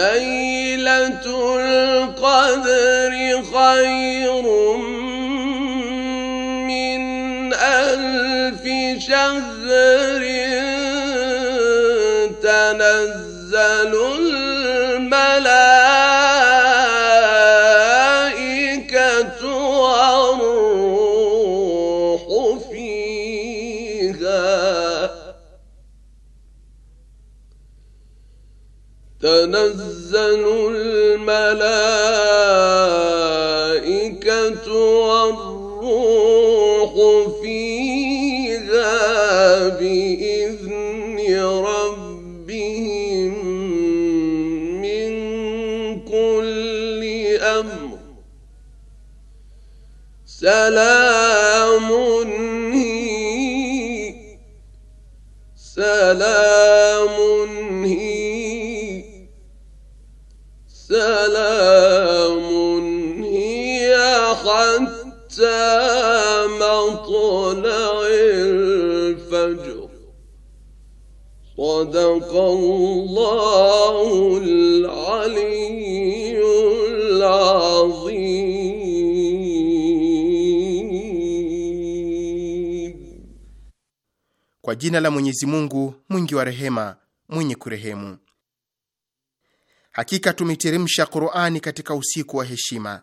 ليلة القدر خير الملائكة والروح فيها بإذن ربهم من كل أمر سلام سلام مطلع الفجر صدق الله العلي Kwa jina la Mwenyezi Mungu mwingi wa rehema mwenye kurehemu. Hakika tumeteremsha Qur'ani katika usiku wa heshima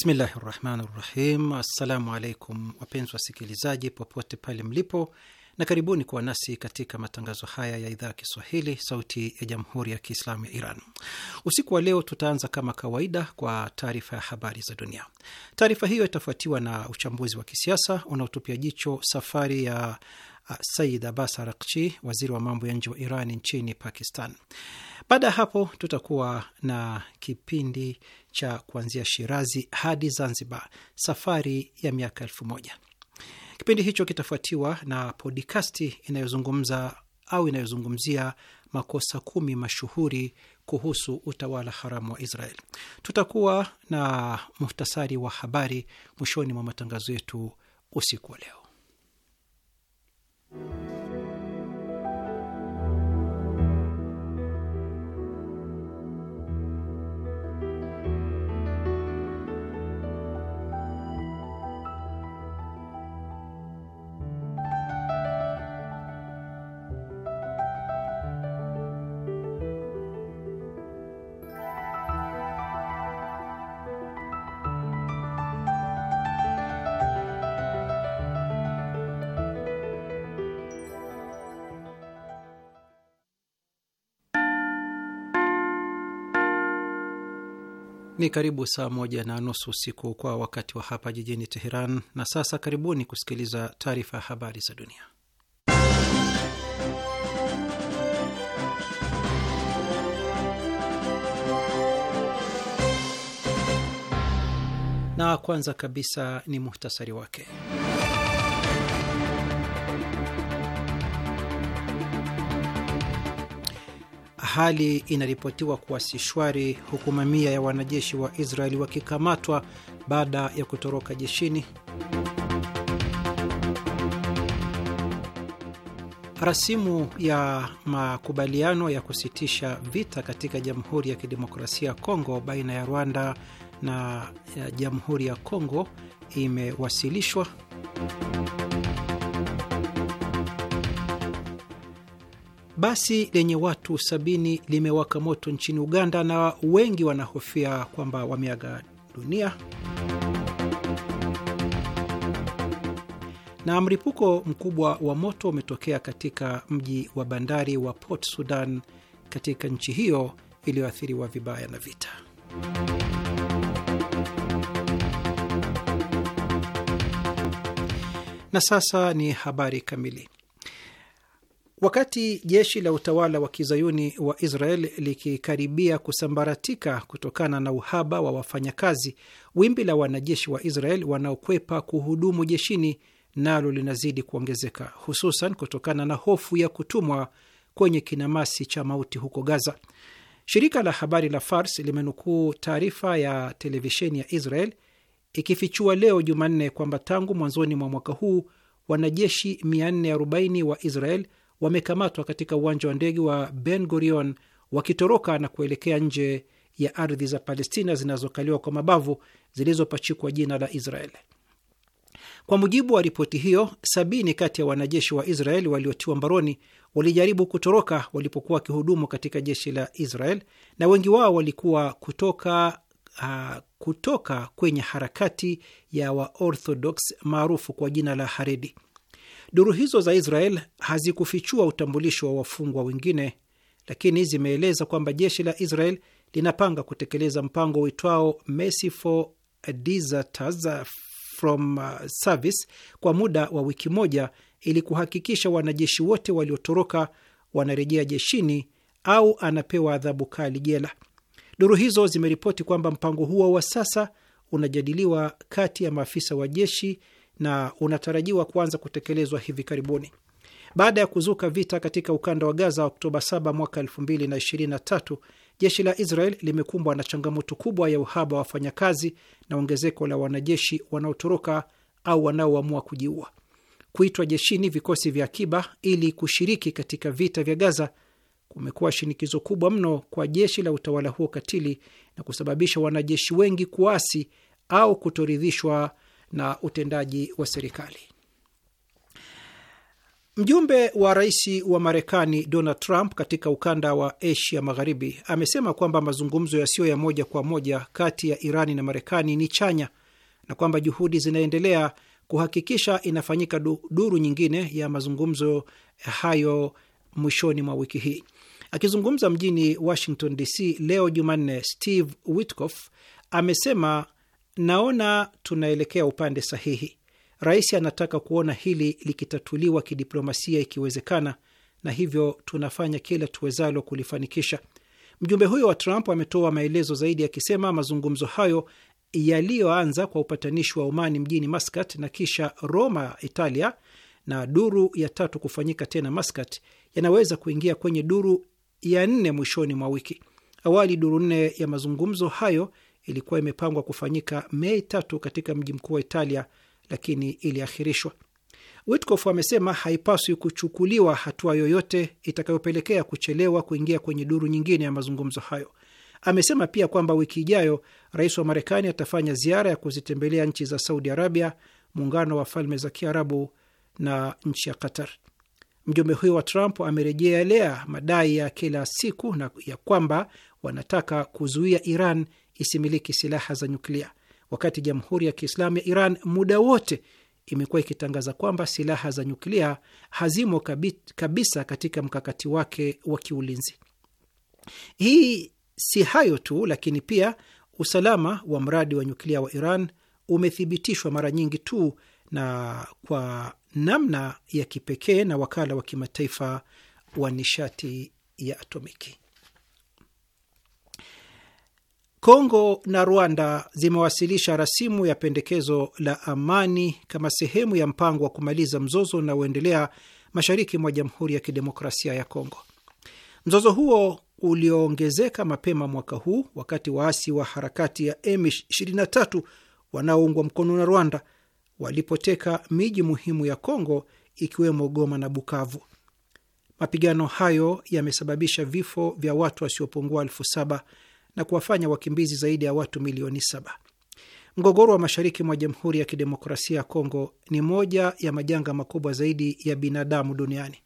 Bismillahi rahmani rahim. Assalamu alaikum wapenzi wasikilizaji popote pale mlipo, na karibuni kuwa nasi katika matangazo haya ya idhaa ya Kiswahili sauti ya jamhuri ya Kiislamu ya Iran. Usiku wa leo tutaanza kama kawaida kwa taarifa ya habari za dunia. Taarifa hiyo itafuatiwa na uchambuzi wa kisiasa unaotupia jicho safari ya uh, Said Abbas Arakchi, waziri wa mambo ya nje wa Iran nchini Pakistan. Baada ya hapo tutakuwa na kipindi cha kuanzia Shirazi hadi Zanzibar, safari ya miaka elfu moja. Kipindi hicho kitafuatiwa na podikasti inayozungumza au inayozungumzia makosa kumi mashuhuri kuhusu utawala haramu wa Israel. Tutakuwa na muhtasari wa habari mwishoni mwa matangazo yetu usiku wa leo. Ni karibu saa moja na nusu usiku kwa wakati wa hapa jijini Teheran. Na sasa karibuni kusikiliza taarifa ya habari za dunia, na kwanza kabisa ni muhtasari wake. hali inaripotiwa kuwa si shwari, huku mamia ya wanajeshi wa Israeli wakikamatwa baada ya kutoroka jeshini. Rasimu ya makubaliano ya kusitisha vita katika Jamhuri ya Kidemokrasia ya Kongo baina ya Rwanda na eh, Jamhuri ya Kongo imewasilishwa. Basi lenye watu sabini limewaka moto nchini Uganda na wengi wanahofia kwamba wameaga dunia. Na mlipuko mkubwa wa moto umetokea katika mji wa bandari wa Port Sudan katika nchi hiyo iliyoathiriwa vibaya na vita. Na sasa ni habari kamili. Wakati jeshi la utawala wa kizayuni wa Israel likikaribia kusambaratika kutokana na uhaba wa wafanyakazi, wimbi la wanajeshi wa Israel wanaokwepa kuhudumu jeshini nalo linazidi kuongezeka, hususan kutokana na hofu ya kutumwa kwenye kinamasi cha mauti huko Gaza. Shirika la habari la Fars limenukuu taarifa ya televisheni ya Israel ikifichua leo Jumanne kwamba tangu mwanzoni mwa mwaka huu wanajeshi 440 wa Israel wamekamatwa katika uwanja wa ndege wa Ben Gurion wakitoroka na kuelekea nje ya ardhi za Palestina zinazokaliwa kwa mabavu zilizopachikwa jina la israel Kwa mujibu wa ripoti hiyo, sabini kati ya wanajeshi wa Israel waliotiwa mbaroni walijaribu kutoroka walipokuwa wakihudumu katika jeshi la Israel, na wengi wao walikuwa kutoka uh, kutoka kwenye harakati ya Waorthodox maarufu kwa jina la Haredi. Duru hizo za Israel hazikufichua utambulisho wa wafungwa wengine, lakini zimeeleza kwamba jeshi la Israel linapanga kutekeleza mpango uitwao Mercy Deserters uh, from uh, Service kwa muda wa wiki moja ili kuhakikisha wanajeshi wote waliotoroka wanarejea jeshini au anapewa adhabu kali jela. Duru hizo zimeripoti kwamba mpango huo wa sasa unajadiliwa kati ya maafisa wa jeshi na unatarajiwa kuanza kutekelezwa hivi karibuni. Baada ya kuzuka vita katika ukanda wa Gaza Oktoba 7 mwaka 2023, jeshi la Israel limekumbwa na changamoto kubwa ya uhaba wa wafanyakazi na ongezeko la wanajeshi wanaotoroka au wanaoamua kujiua. Kuitwa jeshini vikosi vya akiba ili kushiriki katika vita vya Gaza kumekuwa shinikizo kubwa mno kwa jeshi la utawala huo katili na kusababisha wanajeshi wengi kuasi au kutoridhishwa na utendaji wa serikali. Mjumbe wa rais wa Marekani Donald Trump katika ukanda wa Asia Magharibi amesema kwamba mazungumzo yasiyo ya moja kwa moja kati ya Irani na Marekani ni chanya na kwamba juhudi zinaendelea kuhakikisha inafanyika duru nyingine ya mazungumzo hayo mwishoni mwa wiki hii. Akizungumza mjini Washington DC leo Jumanne, Steve Witkoff amesema naona tunaelekea upande sahihi. Rais anataka kuona hili likitatuliwa kidiplomasia ikiwezekana, na hivyo tunafanya kila tuwezalo kulifanikisha. Mjumbe huyo wa Trump ametoa maelezo zaidi akisema mazungumzo hayo yaliyoanza kwa upatanishi wa Omani mjini Maskat na kisha Roma, Italia, na duru ya tatu kufanyika tena Maskat, yanaweza kuingia kwenye duru ya nne mwishoni mwa wiki. Awali duru nne ya mazungumzo hayo ilikuwa imepangwa kufanyika Mei tatu katika mji mkuu wa Italia, lakini iliahirishwa. Witkof amesema haipaswi kuchukuliwa hatua yoyote itakayopelekea kuchelewa kuingia kwenye duru nyingine ya mazungumzo hayo. Amesema pia kwamba wiki ijayo rais wa Marekani atafanya ziara ya kuzitembelea nchi za Saudi Arabia, muungano wa falme za Kiarabu na nchi ya Qatar. Mjumbe huyo wa Trump amerejelea madai ya kila siku na ya kwamba wanataka kuzuia Iran isimiliki silaha za nyuklia, wakati Jamhuri ya Kiislamu ya Iran muda wote imekuwa ikitangaza kwamba silaha za nyuklia hazimo kabisa katika mkakati wake wa kiulinzi. Hii si hayo tu, lakini pia usalama wa mradi wa nyuklia wa Iran umethibitishwa mara nyingi tu na kwa namna ya kipekee na wakala wa kimataifa wa nishati ya atomiki. Kongo na Rwanda zimewasilisha rasimu ya pendekezo la amani kama sehemu ya mpango wa kumaliza mzozo unaoendelea mashariki mwa Jamhuri ya Kidemokrasia ya Kongo. Mzozo huo ulioongezeka mapema mwaka huu wakati waasi wa harakati ya M23 wanaoungwa mkono na Rwanda walipoteka miji muhimu ya Kongo ikiwemo Goma na Bukavu. Mapigano hayo yamesababisha vifo vya watu wasiopungua elfu saba na kuwafanya wakimbizi zaidi ya watu milioni saba. Mgogoro wa mashariki mwa Jamhuri ya Kidemokrasia ya Kongo ni moja ya majanga makubwa zaidi ya binadamu duniani.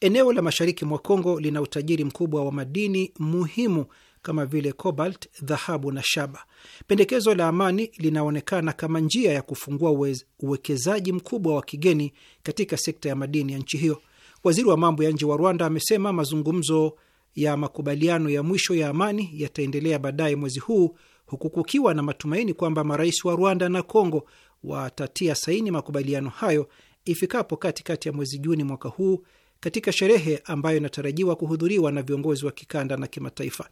Eneo la mashariki mwa Kongo lina utajiri mkubwa wa madini muhimu kama vile cobalt, dhahabu na shaba. Pendekezo la amani linaonekana kama njia ya kufungua uwekezaji mkubwa wa kigeni katika sekta ya madini ya nchi hiyo. Waziri wa mambo ya nje wa Rwanda amesema mazungumzo ya makubaliano ya mwisho ya amani yataendelea baadaye mwezi huu huku kukiwa na matumaini kwamba marais wa Rwanda na congo watatia saini makubaliano hayo ifikapo katikati ya mwezi Juni mwaka huu katika sherehe ambayo inatarajiwa kuhudhuriwa na viongozi wa kikanda na kimataifa.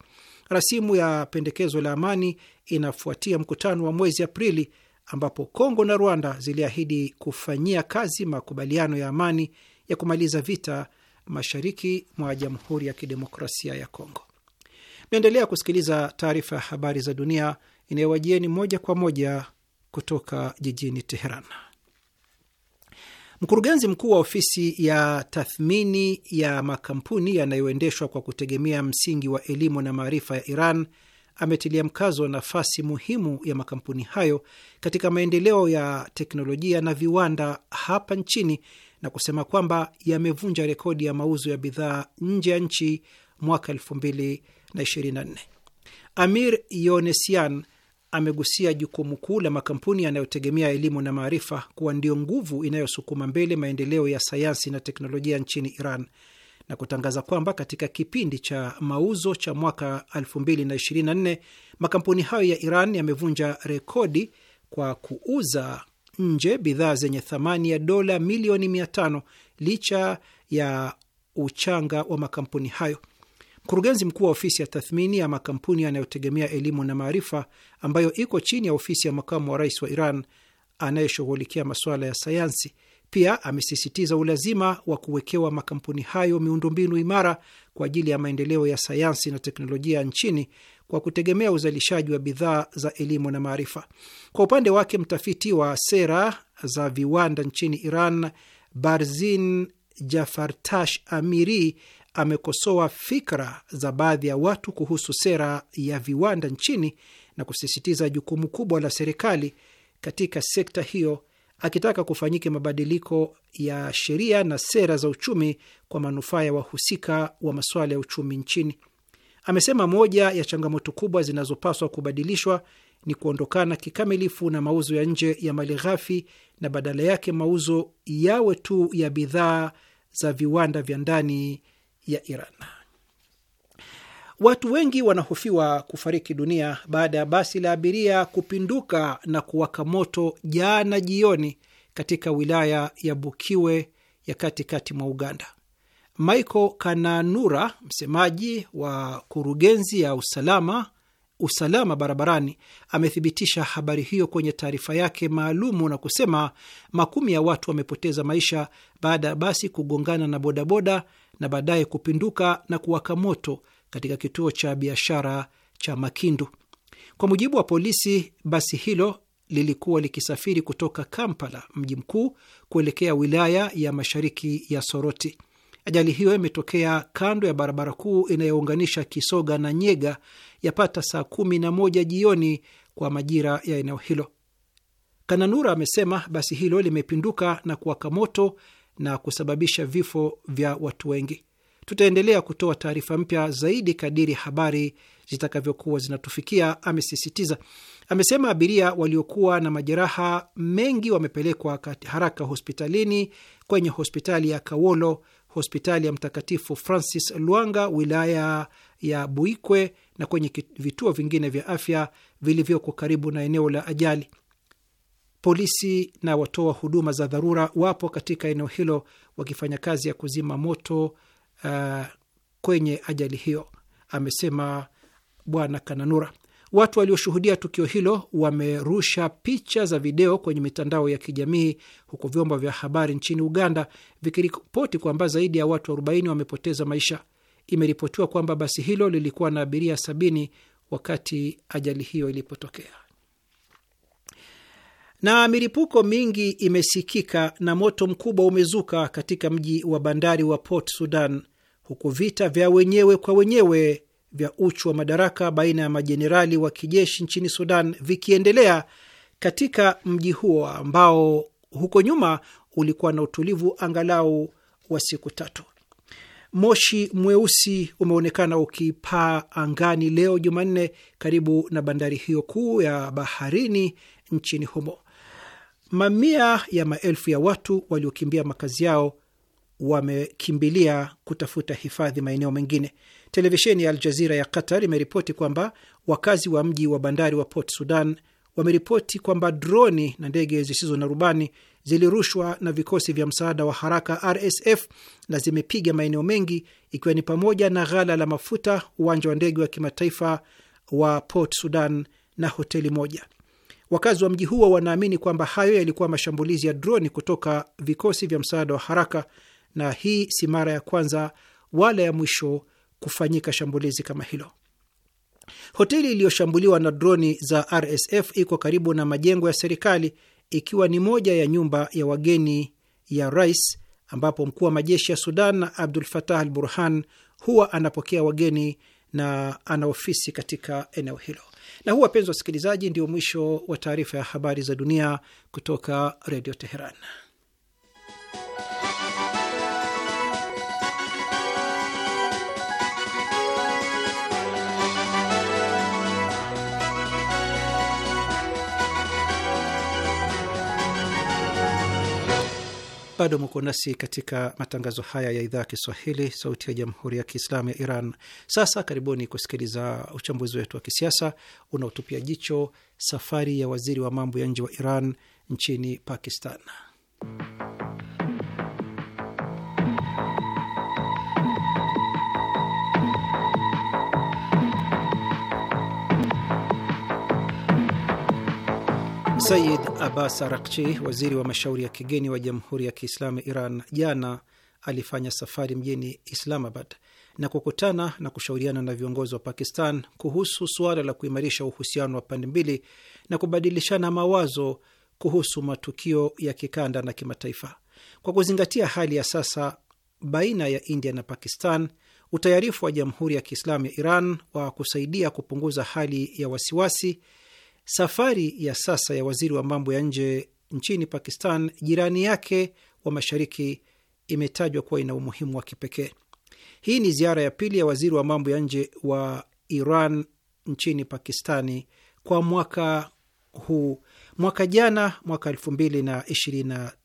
Rasimu ya pendekezo la amani inafuatia mkutano wa mwezi Aprili ambapo Kongo na Rwanda ziliahidi kufanyia kazi makubaliano ya amani ya kumaliza vita mashariki mwa Jamhuri ya Kidemokrasia ya Kongo. Naendelea kusikiliza taarifa ya habari za dunia inayowajieni moja kwa moja kutoka jijini Teheran. Mkurugenzi mkuu wa ofisi ya tathmini ya makampuni yanayoendeshwa kwa kutegemea msingi wa elimu na maarifa ya Iran ametilia mkazo nafasi muhimu ya makampuni hayo katika maendeleo ya teknolojia na viwanda hapa nchini na kusema kwamba yamevunja rekodi ya mauzo ya bidhaa nje ya nchi mwaka 2024. Amir yonesian amegusia jukumu kuu la makampuni yanayotegemea elimu na maarifa kuwa ndio nguvu inayosukuma mbele maendeleo ya sayansi na teknolojia nchini Iran na kutangaza kwamba katika kipindi cha mauzo cha mwaka 2024 makampuni hayo ya Iran yamevunja rekodi kwa kuuza nje bidhaa zenye thamani ya dola milioni mia tano licha ya uchanga wa makampuni hayo. Mkurugenzi mkuu wa ofisi ya tathmini ya makampuni yanayotegemea elimu na maarifa ambayo iko chini ya ofisi ya makamu wa rais wa Iran anayeshughulikia masuala ya sayansi pia amesisitiza ulazima wa kuwekewa makampuni hayo miundombinu imara kwa ajili ya maendeleo ya sayansi na teknolojia nchini kwa kutegemea uzalishaji wa bidhaa za elimu na maarifa. Kwa upande wake, mtafiti wa sera za viwanda nchini Iran Barzin Jafartash Amiri amekosoa fikra za baadhi ya watu kuhusu sera ya viwanda nchini na kusisitiza jukumu kubwa la serikali katika sekta hiyo, akitaka kufanyike mabadiliko ya sheria na sera za uchumi kwa manufaa ya wahusika wa masuala ya uchumi nchini. Amesema moja ya changamoto kubwa zinazopaswa kubadilishwa ni kuondokana kikamilifu na mauzo ya nje ya mali ghafi na badala yake mauzo yawe tu ya bidhaa za viwanda vya ndani ya Iran. Watu wengi wanahofiwa kufariki dunia baada ya basi la abiria kupinduka na kuwaka moto jana jioni katika wilaya ya Bukiwe ya katikati mwa Uganda. Michael Kananura, msemaji wa kurugenzi ya usalama usalama barabarani amethibitisha habari hiyo kwenye taarifa yake maalumu na kusema makumi ya watu wamepoteza maisha baada ya basi kugongana na bodaboda na baadaye kupinduka na kuwaka moto katika kituo cha biashara cha Makindu. Kwa mujibu wa polisi, basi hilo lilikuwa likisafiri kutoka Kampala, mji mkuu, kuelekea wilaya ya mashariki ya Soroti. Ajali hiyo imetokea kando ya barabara kuu inayounganisha Kisoga na Nyega yapata saa kumi na moja jioni kwa majira ya eneo hilo. Kananura amesema basi hilo limepinduka na kuwaka moto na kusababisha vifo vya watu wengi. Tutaendelea kutoa taarifa mpya zaidi kadiri habari zitakavyokuwa zinatufikia, amesisitiza. Amesema abiria waliokuwa na majeraha mengi wamepelekwa haraka hospitalini kwenye hospitali ya Kawolo hospitali ya Mtakatifu Francis Lwanga wilaya ya Buikwe na kwenye vituo vingine vya afya vilivyoko karibu na eneo la ajali. Polisi na watoa huduma za dharura wapo katika eneo hilo wakifanya kazi ya kuzima moto uh, kwenye ajali hiyo, amesema Bwana Kananura. Watu walioshuhudia tukio hilo wamerusha picha za video kwenye mitandao ya kijamii huku vyombo vya habari nchini Uganda vikiripoti kwamba zaidi ya watu 40 wamepoteza maisha. Imeripotiwa kwamba basi hilo lilikuwa na abiria sabini wakati ajali hiyo ilipotokea. Na milipuko mingi imesikika na moto mkubwa umezuka katika mji wa bandari wa Port Sudan, huku vita vya wenyewe kwa wenyewe vya uchu wa madaraka baina ya majenerali wa kijeshi nchini Sudan vikiendelea katika mji huo ambao huko nyuma ulikuwa na utulivu angalau wa siku tatu. Moshi mweusi umeonekana ukipaa angani leo Jumanne, karibu na bandari hiyo kuu ya baharini nchini humo. Mamia ya maelfu ya watu waliokimbia makazi yao wamekimbilia kutafuta hifadhi maeneo mengine. Televisheni ya Aljazira ya Qatar imeripoti kwamba wakazi wa mji wa bandari wa Port Sudan wameripoti kwamba droni na ndege zisizo na rubani zilirushwa na vikosi vya msaada wa haraka RSF na zimepiga maeneo mengi ikiwa ni pamoja na ghala la mafuta, uwanja wa ndege wa kimataifa wa Port Sudan na hoteli moja. Wakazi wa mji huo wanaamini kwamba hayo yalikuwa mashambulizi ya droni kutoka vikosi vya msaada wa haraka na hii si mara ya kwanza wala ya mwisho kufanyika shambulizi kama hilo. Hoteli iliyoshambuliwa na droni za RSF iko karibu na majengo ya serikali, ikiwa ni moja ya nyumba ya wageni ya rais, ambapo mkuu wa majeshi ya Sudan na Abdul Fatah al Burhan huwa anapokea wageni na ana ofisi katika eneo hilo. Na huu, wapenzi wasikilizaji, ndio mwisho wa taarifa ya habari za dunia kutoka Redio Teheran. Bado mko nasi katika matangazo haya ya idhaa ya Kiswahili, sauti ya jamhuri ya kiislamu ya Iran. Sasa karibuni kusikiliza uchambuzi wetu wa kisiasa unaotupia jicho safari ya waziri wa mambo ya nje wa Iran nchini Pakistan. Sayid Abbas Arakchi, waziri wa mashauri ya kigeni wa Jamhuri ya Kiislamu Iran, jana alifanya safari mjini Islamabad na kukutana na kushauriana na viongozi wa Pakistan kuhusu suala la kuimarisha uhusiano wa pande mbili na kubadilishana mawazo kuhusu matukio ya kikanda na kimataifa kwa kuzingatia hali ya sasa baina ya India na Pakistan, utayarifu wa Jamhuri ya Kiislamu ya Iran wa kusaidia kupunguza hali ya wasiwasi Safari ya sasa ya waziri wa mambo ya nje nchini Pakistan, jirani yake wa mashariki, imetajwa kuwa ina umuhimu wa kipekee. Hii ni ziara ya pili ya waziri wa mambo ya nje wa Iran nchini Pakistani kwa mwaka huu. Mwaka jana, mwaka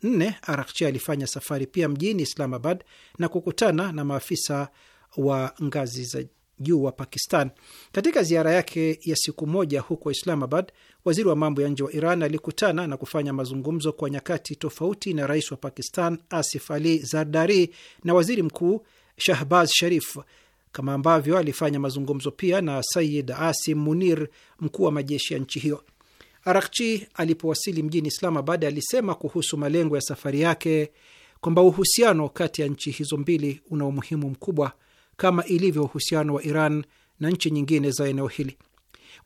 nne, Arakchi alifanya safari pia mjini Islamabad na kukutana na maafisa wa ngazi za juu wa Pakistan. Katika ziara yake ya siku moja huko Islamabad, waziri wa mambo ya nje wa Iran alikutana na kufanya mazungumzo kwa nyakati tofauti na rais wa Pakistan Asif Ali Zardari na waziri mkuu Shahbaz Sharif, kama ambavyo alifanya mazungumzo pia na Sayid Asim Munir, mkuu wa majeshi ya nchi hiyo. Arakchi alipowasili mjini Islamabad alisema kuhusu malengo ya safari yake kwamba uhusiano kati ya nchi hizo mbili una umuhimu mkubwa kama ilivyo uhusiano wa Iran na nchi nyingine za eneo hili.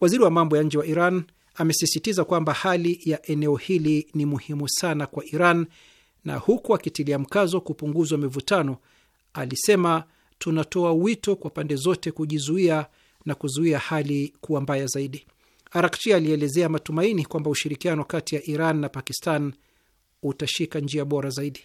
Waziri wa mambo ya nje wa Iran amesisitiza kwamba hali ya eneo hili ni muhimu sana kwa Iran, na huku akitilia mkazo kupunguzwa mivutano, alisema tunatoa wito kwa pande zote kujizuia na kuzuia hali kuwa mbaya zaidi. Arakchi alielezea matumaini kwamba ushirikiano kati ya Iran na Pakistan utashika njia bora zaidi.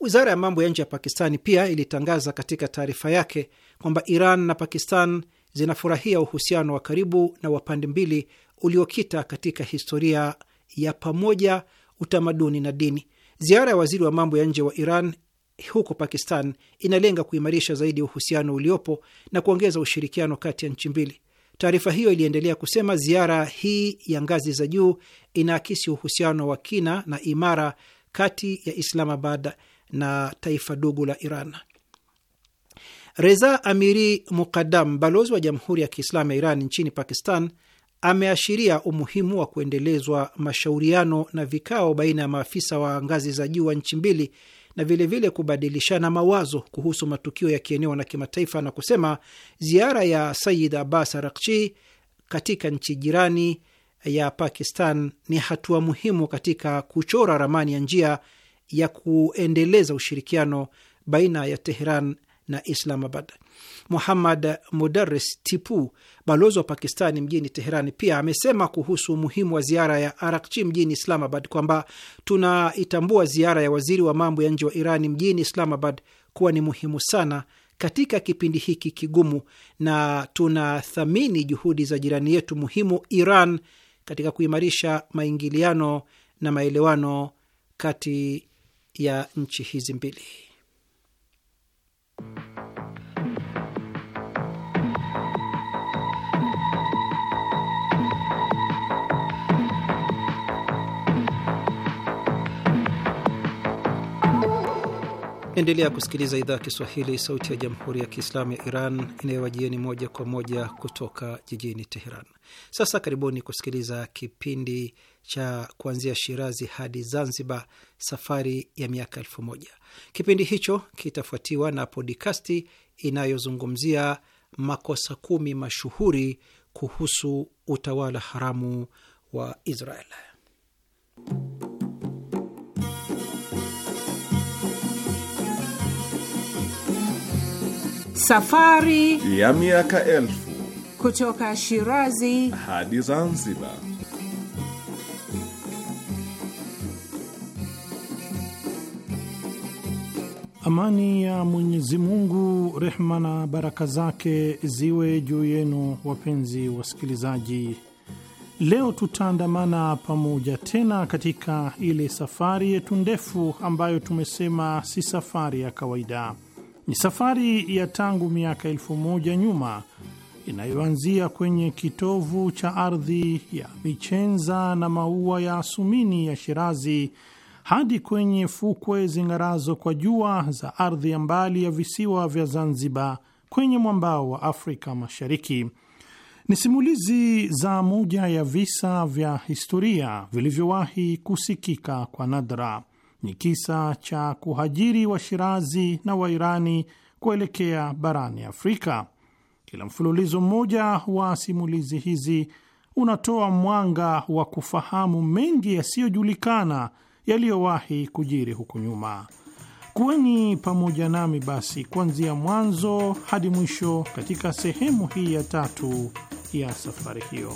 Wizara ya mambo ya nje ya Pakistani pia ilitangaza katika taarifa yake kwamba Iran na Pakistan zinafurahia uhusiano wa karibu na wa pande mbili uliokita katika historia ya pamoja, utamaduni na dini. Ziara ya waziri wa mambo ya nje wa Iran huko Pakistan inalenga kuimarisha zaidi uhusiano uliopo na kuongeza ushirikiano kati ya nchi mbili. Taarifa hiyo iliendelea kusema ziara hii ya ngazi za juu inaakisi uhusiano wa kina na imara kati ya Islamabad na taifa dogo la Iran. Reza Amiri Mukadam, balozi wa Jamhuri ya Kiislamu ya Iran nchini Pakistan, ameashiria umuhimu wa kuendelezwa mashauriano na vikao baina ya maafisa wa ngazi za juu wa nchi mbili na vilevile kubadilishana mawazo kuhusu matukio ya kieneo na kimataifa, na kusema ziara ya Sayid Abbas Arakchi katika nchi jirani ya Pakistan ni hatua muhimu katika kuchora ramani ya njia ya kuendeleza ushirikiano baina ya Teheran na Islamabad. Muhammad Mudares Tipu, balozi wa Pakistani mjini teheran pia amesema kuhusu umuhimu wa ziara ya Arakchi mjini Islamabad kwamba tunaitambua ziara ya waziri wa mambo ya nje wa Irani mjini Islamabad kuwa ni muhimu sana katika kipindi hiki kigumu, na tunathamini juhudi za jirani yetu muhimu Iran katika kuimarisha maingiliano na maelewano kati ya nchi hizi mbili. Endelea kusikiliza idhaa ya Kiswahili, sauti ya jamhuri ya kiislamu ya Iran inayowajieni moja kwa moja kutoka jijini Teheran. Sasa karibuni kusikiliza kipindi cha kuanzia Shirazi hadi Zanzibar, safari ya miaka elfu moja. Kipindi hicho kitafuatiwa na podikasti inayozungumzia makosa kumi mashuhuri kuhusu utawala haramu wa Israel. Safari ya miaka elfu kutoka Shirazi hadi Zanzibar. Amani ya Mwenyezi Mungu, rehma na baraka zake ziwe juu yenu, wapenzi wasikilizaji. Leo tutaandamana pamoja tena katika ile safari yetu ndefu ambayo tumesema si safari ya kawaida. Ni safari ya tangu miaka elfu moja nyuma inayoanzia kwenye kitovu cha ardhi ya michenza na maua ya asumini ya Shirazi hadi kwenye fukwe zing'arazo kwa jua za ardhi ya mbali ya visiwa vya Zanzibar kwenye mwambao wa Afrika Mashariki. Ni simulizi za moja ya visa vya historia vilivyowahi kusikika kwa nadra ni kisa cha kuhajiri Washirazi na Wairani kuelekea barani Afrika. Kila mfululizo mmoja wa simulizi hizi unatoa mwanga wa kufahamu mengi yasiyojulikana yaliyowahi kujiri huku nyuma. Kuweni pamoja nami basi kuanzia mwanzo hadi mwisho katika sehemu hii ya tatu ya safari hiyo.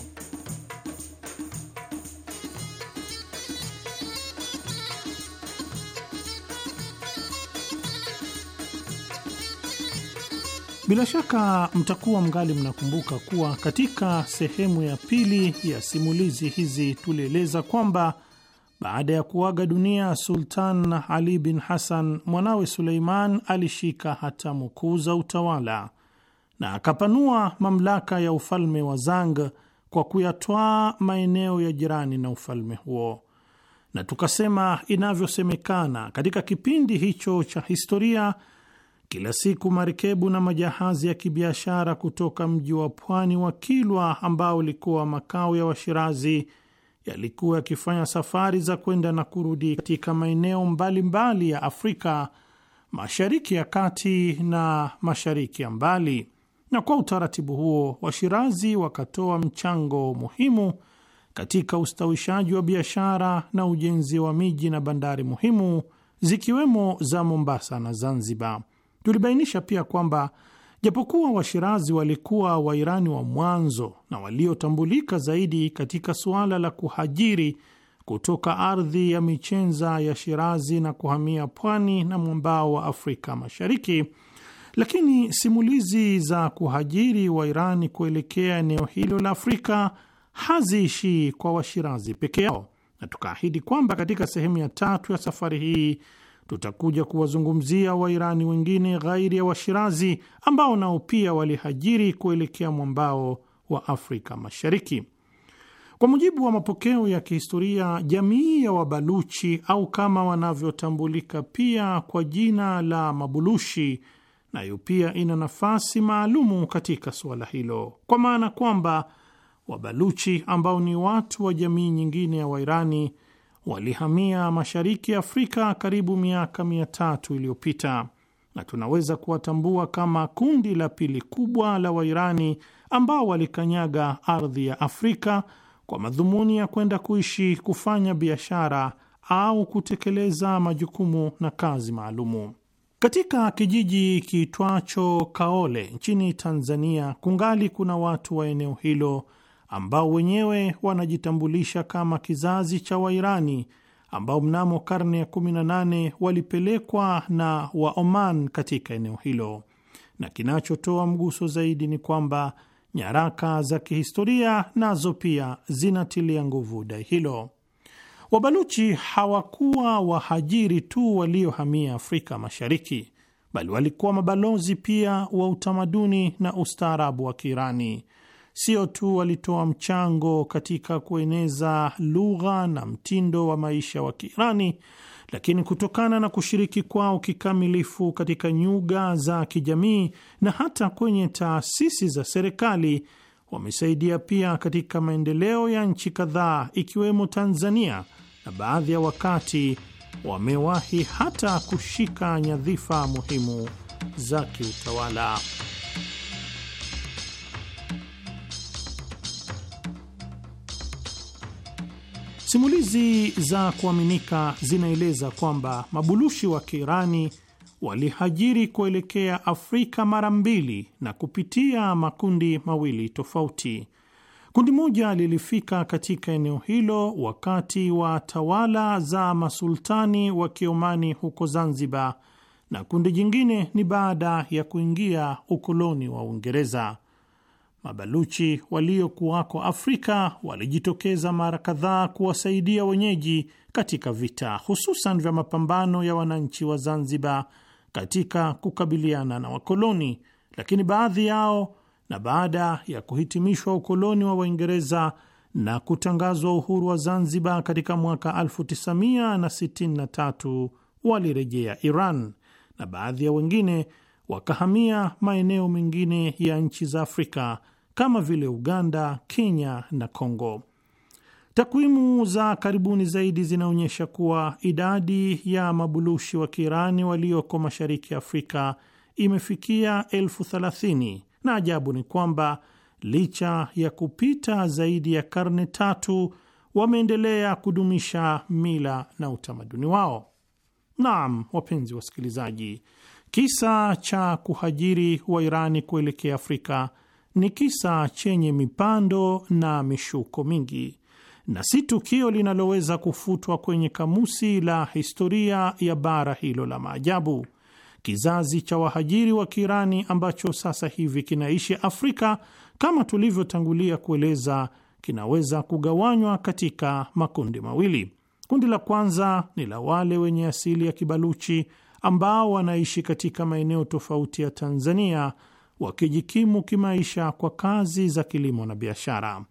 Bila shaka mtakuwa mgali mnakumbuka kuwa katika sehemu ya pili ya simulizi hizi tulieleza kwamba baada ya kuaga dunia Sultan Ali bin hasan mwanawe Suleiman alishika hatamu kuu za utawala na akapanua mamlaka ya ufalme wa Zang kwa kuyatwaa maeneo ya jirani na ufalme huo, na tukasema inavyosemekana katika kipindi hicho cha historia kila siku marekebu na majahazi ya kibiashara kutoka mji wa pwani wa Kilwa ambao ulikuwa makao ya Washirazi yalikuwa yakifanya safari za kwenda na kurudi katika maeneo mbalimbali ya Afrika, Mashariki ya Kati na Mashariki ya Mbali, na kwa utaratibu huo Washirazi wakatoa mchango muhimu katika ustawishaji wa biashara na ujenzi wa miji na bandari muhimu zikiwemo za Mombasa na Zanzibar. Tulibainisha pia kwamba japokuwa Washirazi walikuwa Wairani wa mwanzo na waliotambulika zaidi katika suala la kuhajiri kutoka ardhi ya michenza ya Shirazi na kuhamia pwani na mwambao wa Afrika Mashariki, lakini simulizi za kuhajiri Wairani kuelekea eneo hilo la Afrika haziishii kwa Washirazi peke yao, na tukaahidi kwamba katika sehemu ya tatu ya safari hii tutakuja kuwazungumzia Wairani wengine ghairi ya Washirazi ambao nao pia walihajiri kuelekea mwambao wa Afrika Mashariki. Kwa mujibu wa mapokeo ya kihistoria, jamii ya Wabaluchi au kama wanavyotambulika pia kwa jina la Mabulushi nayo pia ina nafasi maalumu katika suala hilo, kwa maana kwamba Wabaluchi ambao ni watu wa jamii nyingine ya Wairani walihamia mashariki Afrika karibu miaka mia tatu iliyopita na tunaweza kuwatambua kama kundi la pili kubwa la Wairani ambao walikanyaga ardhi ya Afrika kwa madhumuni ya kwenda kuishi, kufanya biashara au kutekeleza majukumu na kazi maalumu. Katika kijiji kiitwacho Kaole nchini Tanzania kungali kuna watu wa eneo hilo ambao wenyewe wanajitambulisha kama kizazi cha Wairani ambao mnamo karne ya 18 walipelekwa na Waoman katika eneo hilo, na kinachotoa mguso zaidi ni kwamba nyaraka za kihistoria nazo pia zinatilia nguvu dai hilo. Wabaluchi hawakuwa wahajiri tu waliohamia Afrika Mashariki, bali walikuwa mabalozi pia wa utamaduni na ustaarabu wa Kiirani sio tu walitoa mchango katika kueneza lugha na mtindo wa maisha wa Kiirani, lakini kutokana na kushiriki kwao kikamilifu katika nyuga za kijamii na hata kwenye taasisi za serikali, wamesaidia pia katika maendeleo ya nchi kadhaa ikiwemo Tanzania, na baadhi ya wakati wamewahi hata kushika nyadhifa muhimu za kiutawala. Simulizi za kuaminika zinaeleza kwamba mabulushi wa Kiirani walihajiri kuelekea Afrika mara mbili na kupitia makundi mawili tofauti. Kundi moja lilifika katika eneo hilo wakati wa tawala za masultani wa Kiomani huko Zanzibar, na kundi jingine ni baada ya kuingia ukoloni wa Uingereza. Mabaluchi waliokuwako Afrika walijitokeza mara kadhaa kuwasaidia wenyeji katika vita, hususan vya mapambano ya wananchi wa Zanzibar katika kukabiliana na wakoloni, lakini baadhi yao na baada ya kuhitimishwa ukoloni wa Waingereza na kutangazwa uhuru wa Zanzibar katika mwaka 1963 walirejea Iran na baadhi ya wengine wakahamia maeneo mengine ya nchi za Afrika kama vile Uganda, Kenya na Kongo. Takwimu za karibuni zaidi zinaonyesha kuwa idadi ya mabulushi wa Kiirani walioko mashariki Afrika imefikia elfu thelathini na ajabu ni kwamba licha ya kupita zaidi ya karne tatu wameendelea kudumisha mila na utamaduni wao. Naam, wapenzi wasikilizaji, kisa cha kuhajiri wa Irani kuelekea Afrika ni kisa chenye mipando na mishuko mingi na si tukio linaloweza kufutwa kwenye kamusi la historia ya bara hilo la maajabu. Kizazi cha wahajiri wa Kirani ambacho sasa hivi kinaishi Afrika, kama tulivyotangulia kueleza, kinaweza kugawanywa katika makundi mawili. Kundi la kwanza ni la wale wenye asili ya Kibaluchi ambao wanaishi katika maeneo tofauti ya Tanzania wakijikimu kimaisha kwa kazi za kilimo na biashara,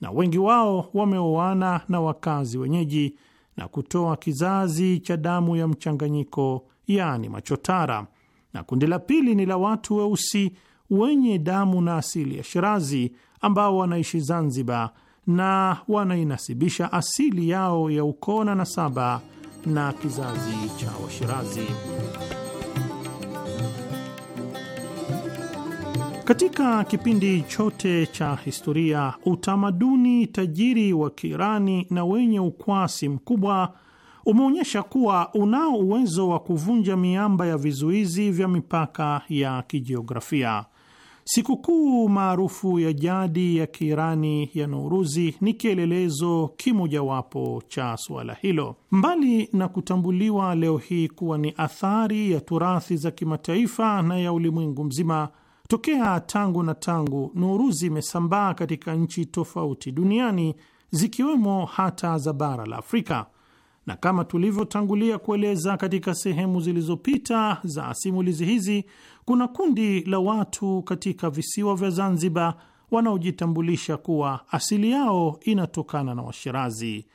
na wengi wao wameoana na wakazi wenyeji na kutoa kizazi cha damu ya mchanganyiko, yaani machotara. Na kundi la pili ni la watu weusi wenye damu na asili ya Shirazi ambao wanaishi Zanzibar na wanainasibisha asili yao ya ukoo na nasaba na kizazi cha Washirazi. Katika kipindi chote cha historia, utamaduni tajiri wa Kiirani na wenye ukwasi mkubwa umeonyesha kuwa unao uwezo wa kuvunja miamba ya vizuizi vya mipaka ya kijiografia. Sikukuu maarufu ya jadi ya Kiirani ya Nouruzi ni kielelezo kimojawapo cha suala hilo. Mbali na kutambuliwa leo hii kuwa ni athari ya turathi za kimataifa na ya ulimwengu mzima, Tokea tangu na tangu, nuruzi imesambaa katika nchi tofauti duniani zikiwemo hata za bara la Afrika, na kama tulivyotangulia kueleza katika sehemu zilizopita za simulizi hizi, kuna kundi la watu katika visiwa vya Zanzibar wanaojitambulisha kuwa asili yao inatokana na Washirazi.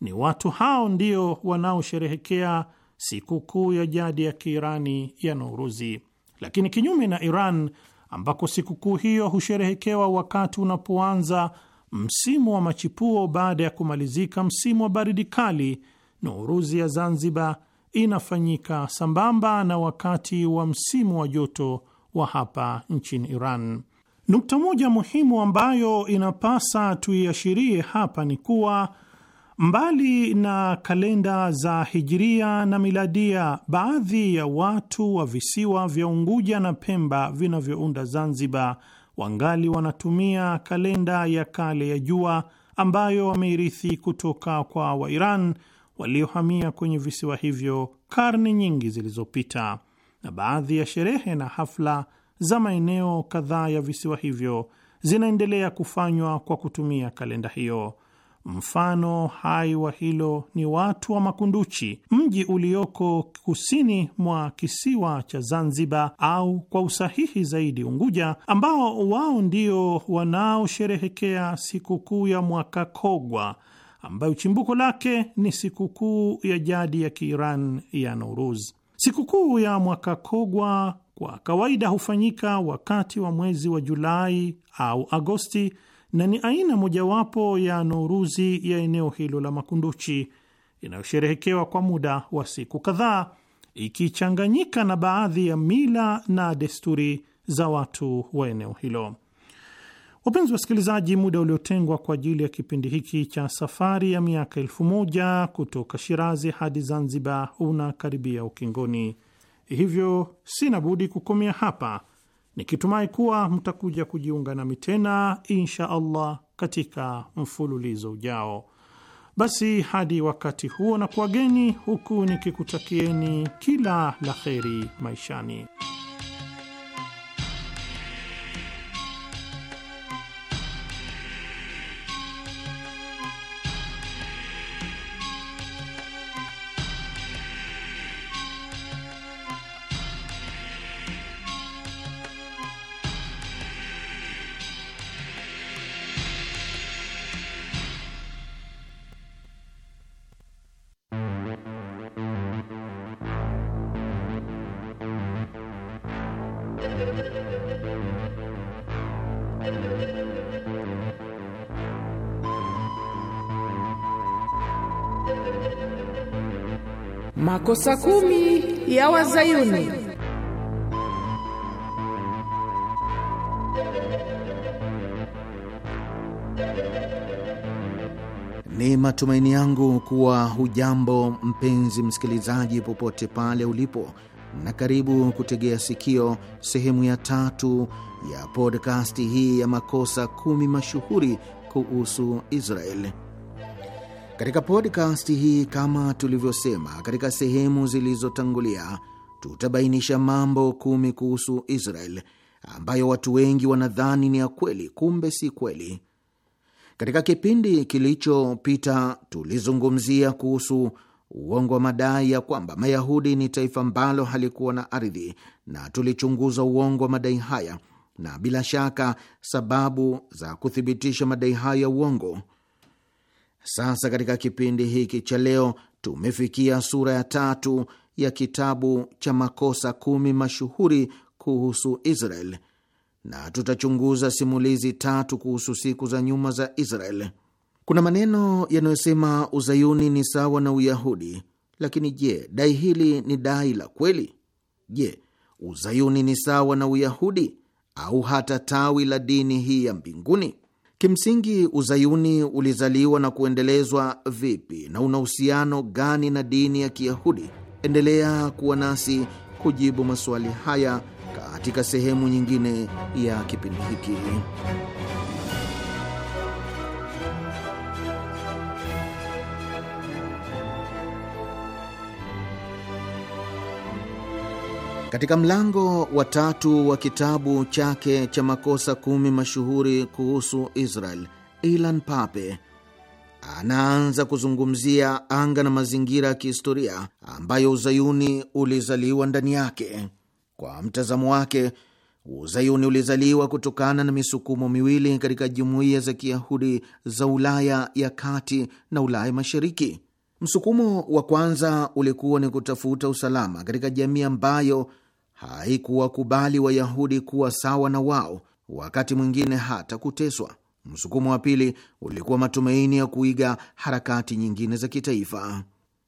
Ni watu hao ndio wanaosherehekea sikukuu ya jadi ya Kiirani ya Nouruzi. Lakini kinyume na Iran, ambako sikukuu hiyo husherehekewa wakati unapoanza msimu wa machipuo baada ya kumalizika msimu wa baridi kali. Nuruzi ya Zanzibar inafanyika sambamba na wakati wa msimu wa joto wa hapa nchini Iran. Nukta moja muhimu ambayo inapasa tuiashirie hapa ni kuwa Mbali na kalenda za hijiria na miladia, baadhi ya watu wa visiwa vya Unguja na Pemba vinavyounda Zanzibar wangali wanatumia kalenda ya kale ya jua ambayo wameirithi kutoka kwa Wairan waliohamia kwenye visiwa hivyo karne nyingi zilizopita, na baadhi ya sherehe na hafla za maeneo kadhaa ya visiwa hivyo zinaendelea kufanywa kwa kutumia kalenda hiyo. Mfano hai wa hilo ni watu wa Makunduchi, mji ulioko kusini mwa kisiwa cha Zanzibar, au kwa usahihi zaidi Unguja, ambao wao ndio wanaosherehekea sikukuu ya mwaka Kogwa ambayo chimbuko lake ni sikukuu ya jadi ya Kiiran ya Nouruz. Sikukuu ya mwaka Kogwa kwa kawaida hufanyika wakati wa mwezi wa Julai au Agosti na ni aina mojawapo ya Nouruzi ya eneo hilo la Makunduchi inayosherehekewa kwa muda wa siku kadhaa ikichanganyika na baadhi ya mila na desturi za watu wa eneo hilo. Wapenzi wasikilizaji, muda uliotengwa kwa ajili ya kipindi hiki cha safari ya miaka elfu moja kutoka Shirazi hadi Zanzibar unakaribia ukingoni, hivyo sina budi kukomea hapa nikitumai kuwa mtakuja kujiunga nami tena insha Allah katika mfululizo ujao. Basi hadi wakati huo, na kuwageni huku nikikutakieni kila la kheri maishani. makosa kumi ya Wazayuni. Ni matumaini yangu kuwa hujambo mpenzi msikilizaji, popote pale ulipo, na karibu kutegea sikio sehemu ya tatu ya podkasti hii ya makosa kumi mashuhuri kuhusu Israeli. Katika podcast hii, kama tulivyosema katika sehemu zilizotangulia, tutabainisha mambo kumi kuhusu Israel ambayo watu wengi wanadhani ni ya kweli, kumbe si kweli. Katika kipindi kilichopita tulizungumzia kuhusu uongo wa madai ya kwamba Mayahudi ni taifa ambalo halikuwa na ardhi, na tulichunguza uongo wa madai haya na bila shaka sababu za kuthibitisha madai hayo ya uongo. Sasa katika kipindi hiki cha leo tumefikia sura ya tatu ya kitabu cha makosa kumi mashuhuri kuhusu Israel na tutachunguza simulizi tatu kuhusu siku za nyuma za Israel. Kuna maneno yanayosema uzayuni ni sawa na Uyahudi, lakini je, dai hili ni dai la kweli? Je, uzayuni ni sawa na Uyahudi au hata tawi la dini hii ya mbinguni? Kimsingi, uzayuni ulizaliwa na kuendelezwa vipi na una uhusiano gani na dini ya Kiyahudi? Endelea kuwa nasi kujibu maswali haya katika sehemu nyingine ya kipindi hiki. Katika mlango wa tatu wa kitabu chake cha makosa kumi mashuhuri kuhusu Israel, Ilan Pape anaanza kuzungumzia anga na mazingira ya kihistoria ambayo uzayuni ulizaliwa ndani yake. Kwa mtazamo wake, uzayuni ulizaliwa kutokana na misukumo miwili katika jumuiya za Kiyahudi za Ulaya ya kati na Ulaya Mashariki. Msukumo wa kwanza ulikuwa ni kutafuta usalama katika jamii ambayo haikuwakubali Wayahudi kuwa sawa na wao, wakati mwingine hata kuteswa. Msukumo wa pili ulikuwa matumaini ya kuiga harakati nyingine za kitaifa.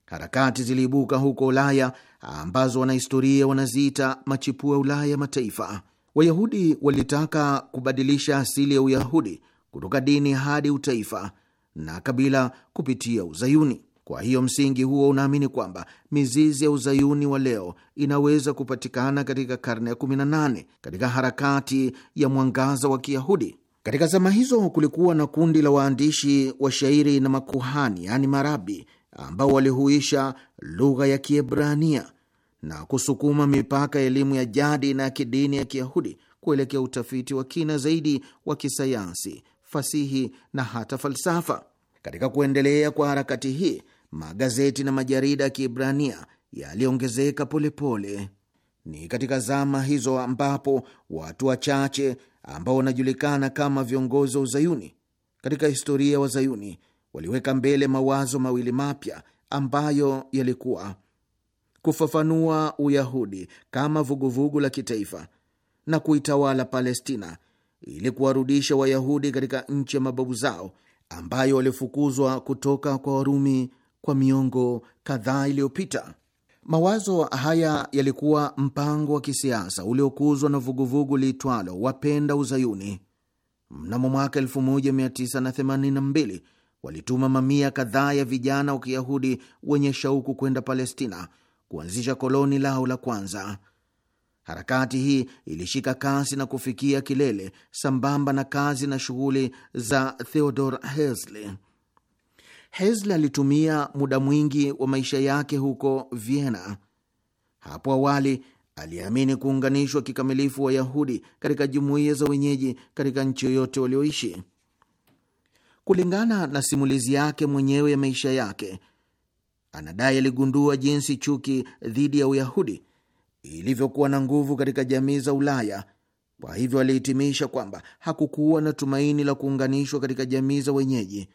Harakati ziliibuka huko Ulaya ambazo wanahistoria wanaziita machipuo ya Ulaya ya mataifa. Wayahudi walitaka kubadilisha asili ya Uyahudi kutoka dini hadi utaifa na kabila kupitia Uzayuni. Kwa hiyo msingi huo unaamini kwamba mizizi ya uzayuni wa leo inaweza kupatikana katika karne ya 18 katika harakati ya mwangaza wa Kiyahudi. Katika zama hizo kulikuwa na kundi la waandishi wa shairi na makuhani, yaani marabi, ambao walihuisha lugha ya Kiebrania na kusukuma mipaka ya elimu ya jadi na kidini ya Kiyahudi kuelekea utafiti wa kina zaidi wa kisayansi, fasihi na hata falsafa. Katika kuendelea kwa harakati hii magazeti na majarida ya Kiebrania yaliongezeka polepole. Ni katika zama hizo ambapo watu wachache ambao wanajulikana kama viongozi wa Uzayuni katika historia ya Wazayuni waliweka mbele mawazo mawili mapya ambayo yalikuwa kufafanua Uyahudi kama vuguvugu la kitaifa na kuitawala Palestina ili kuwarudisha Wayahudi katika nchi ya mababu zao ambayo walifukuzwa kutoka kwa Warumi kwa miongo kadhaa iliyopita. Mawazo haya yalikuwa mpango wa kisiasa uliokuzwa na vuguvugu liitwalo wapenda uzayuni. Mnamo mwaka 1982 walituma mamia kadhaa ya vijana wa Kiyahudi wenye shauku kwenda Palestina kuanzisha koloni lao la kwanza. Harakati hii ilishika kasi na kufikia kilele sambamba na kazi na shughuli za Theodor Herzl. Hesler alitumia muda mwingi wa maisha yake huko Vienna. Hapo awali aliamini kuunganishwa kikamilifu Wayahudi katika jumuiya za wenyeji katika nchi yoyote walioishi. Kulingana na simulizi yake mwenyewe ya maisha yake, anadai aligundua jinsi chuki dhidi ya Uyahudi ilivyokuwa na nguvu katika jamii za Ulaya. Kwa hivyo alihitimisha kwamba hakukuwa na tumaini la kuunganishwa katika jamii za wenyeji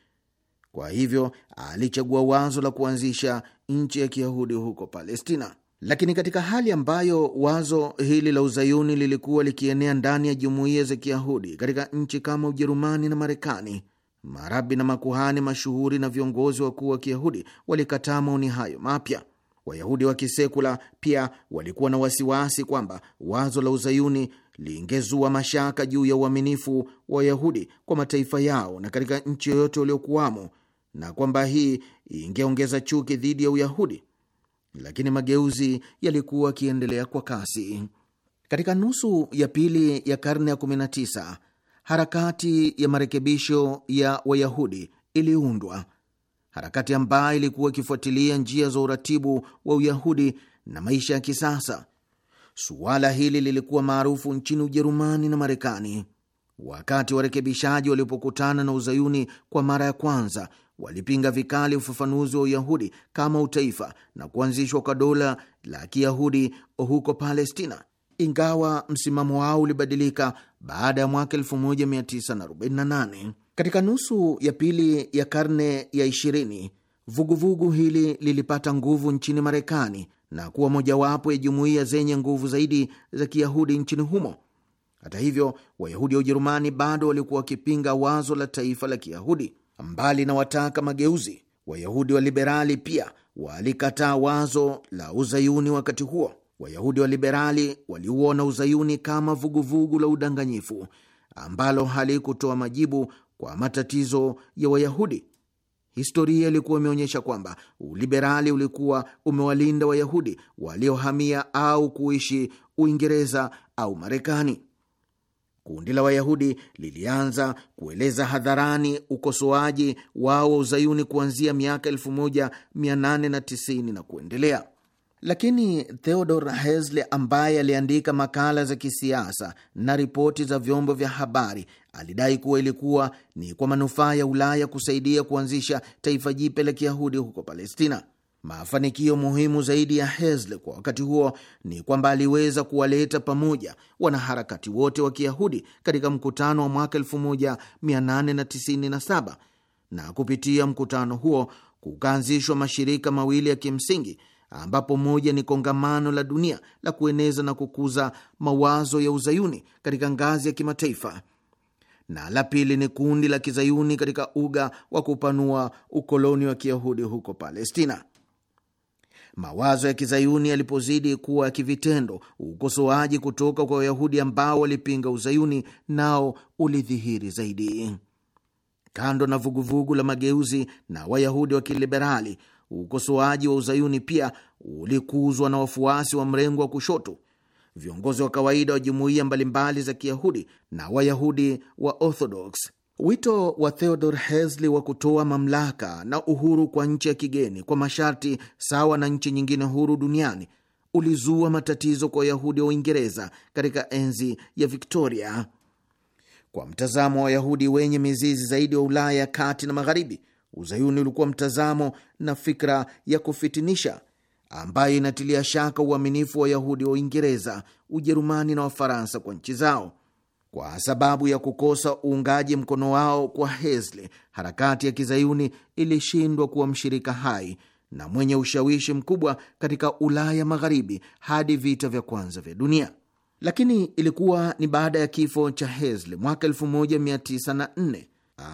kwa hivyo alichagua wazo la kuanzisha nchi ya Kiyahudi huko Palestina. Lakini katika hali ambayo wazo hili la uzayuni lilikuwa likienea ndani ya jumuiya za Kiyahudi katika nchi kama Ujerumani na Marekani, marabi na makuhani mashuhuri na viongozi wakuu wa Kiyahudi walikataa maoni hayo mapya. Wayahudi wa kisekula pia walikuwa na wasiwasi kwamba wazo la uzayuni lingezua mashaka juu ya uaminifu wa Wayahudi kwa mataifa yao na katika nchi yoyote waliokuwamo, na kwamba hii ingeongeza chuki dhidi ya Uyahudi, lakini mageuzi yalikuwa akiendelea kwa kasi. Katika nusu ya pili ya karne ya 19 harakati ya marekebisho ya Wayahudi iliundwa, harakati ambayo ilikuwa ikifuatilia njia za uratibu wa Uyahudi na maisha ya kisasa. Suala hili lilikuwa maarufu nchini Ujerumani na Marekani. Wakati warekebishaji walipokutana na uzayuni kwa mara ya kwanza, walipinga vikali ufafanuzi wa Uyahudi kama utaifa na kuanzishwa kwa dola la Kiyahudi huko Palestina, ingawa msimamo wao ulibadilika baada ya mwaka 1948. Katika nusu ya pili ya karne ya 20 vuguvugu hili lilipata nguvu nchini Marekani na kuwa mojawapo ya jumuiya zenye nguvu zaidi za Kiyahudi nchini humo. Hata hivyo, Wayahudi wa Ujerumani bado walikuwa wakipinga wazo la taifa la Kiyahudi. Mbali na wataka mageuzi, Wayahudi wa liberali pia walikataa wazo la uzayuni. Wakati huo Wayahudi wa liberali waliuona uzayuni kama vuguvugu vugu la udanganyifu ambalo halikutoa majibu kwa matatizo ya Wayahudi. Historia ilikuwa imeonyesha kwamba uliberali ulikuwa umewalinda Wayahudi waliohamia au kuishi Uingereza au Marekani. Kundi la Wayahudi lilianza kueleza hadharani ukosoaji wao wa uzayuni kuanzia miaka 1890 na kuendelea. Lakini Theodor Herzl ambaye aliandika makala za kisiasa na ripoti za vyombo vya habari alidai kuwa ilikuwa ni kwa manufaa ya Ulaya kusaidia kuanzisha taifa jipya la Kiyahudi huko Palestina. Mafanikio muhimu zaidi ya Hezle kwa wakati huo ni kwamba aliweza kuwaleta pamoja wanaharakati wote wa Kiyahudi katika mkutano wa mwaka 1897 na kupitia mkutano huo kukaanzishwa mashirika mawili ya kimsingi ambapo moja ni kongamano la dunia la kueneza na kukuza mawazo ya uzayuni katika ngazi ya kimataifa na la pili ni kundi la kizayuni katika uga wa kupanua ukoloni wa Kiyahudi huko Palestina. Mawazo ya kizayuni yalipozidi kuwa ya kivitendo, ukosoaji kutoka kwa Wayahudi ambao walipinga uzayuni nao ulidhihiri zaidi. Kando na vuguvugu la mageuzi na Wayahudi wa kiliberali, ukosoaji wa uzayuni pia ulikuzwa na wafuasi wa mrengo wa kushoto, viongozi wa kawaida wa jumuiya mbalimbali za Kiyahudi na Wayahudi wa Orthodox. Wito wa Theodor Hesli wa kutoa mamlaka na uhuru kwa nchi ya kigeni kwa masharti sawa na nchi nyingine huru duniani ulizua matatizo kwa Wayahudi wa Uingereza katika enzi ya Viktoria. Kwa mtazamo wa Wayahudi wenye mizizi zaidi wa Ulaya ya kati na magharibi, Uzayuni ulikuwa mtazamo na fikra ya kufitinisha ambayo inatilia shaka uaminifu wa Wayahudi wa Uingereza, Ujerumani na Wafaransa kwa nchi zao kwa sababu ya kukosa uungaji mkono wao kwa Hezli, harakati ya kizayuni ilishindwa kuwa mshirika hai na mwenye ushawishi mkubwa katika Ulaya Magharibi hadi vita vya kwanza vya dunia. Lakini ilikuwa ni baada ya kifo cha Hezli mwaka 1904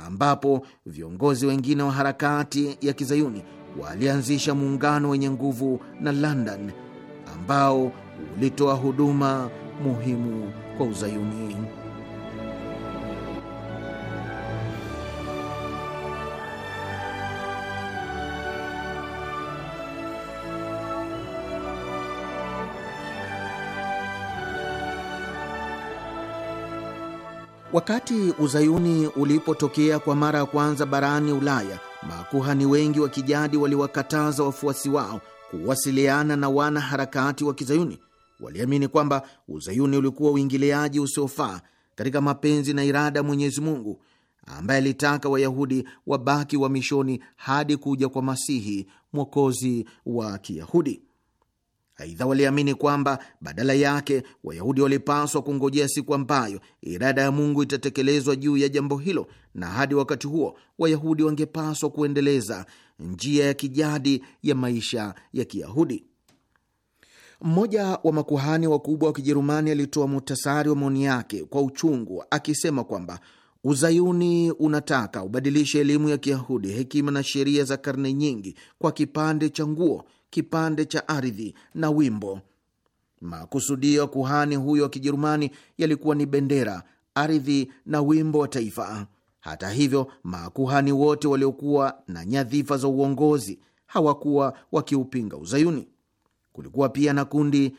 ambapo viongozi wengine wa harakati ya kizayuni walianzisha muungano wenye nguvu na London ambao ulitoa huduma muhimu kwa uzayuni. Wakati uzayuni ulipotokea kwa mara ya kwanza barani Ulaya, makuhani wengi wa kijadi waliwakataza wafuasi wao kuwasiliana na wanaharakati wa kizayuni. Waliamini kwamba uzayuni ulikuwa uingiliaji usiofaa katika mapenzi na irada ya Mwenyezi Mungu ambaye alitaka Wayahudi wabaki wa mishoni hadi kuja kwa Masihi mwokozi wa Kiyahudi. Aidha, waliamini kwamba badala yake Wayahudi walipaswa kungojea siku ambayo irada ya Mungu itatekelezwa juu ya jambo hilo, na hadi wakati huo Wayahudi wangepaswa kuendeleza njia ya kijadi ya maisha ya Kiyahudi. Mmoja wa makuhani wakubwa wa Kijerumani alitoa muhtasari wa maoni yake kwa uchungu, akisema kwamba Uzayuni unataka ubadilishe elimu ya Kiyahudi, hekima na sheria za karne nyingi kwa kipande cha nguo kipande cha ardhi na wimbo. Makusudio kuhani huyo wa Kijerumani yalikuwa ni bendera, ardhi na wimbo wa taifa. Hata hivyo, makuhani wote waliokuwa na nyadhifa za uongozi hawakuwa wakiupinga Uzayuni. Kulikuwa pia na kundi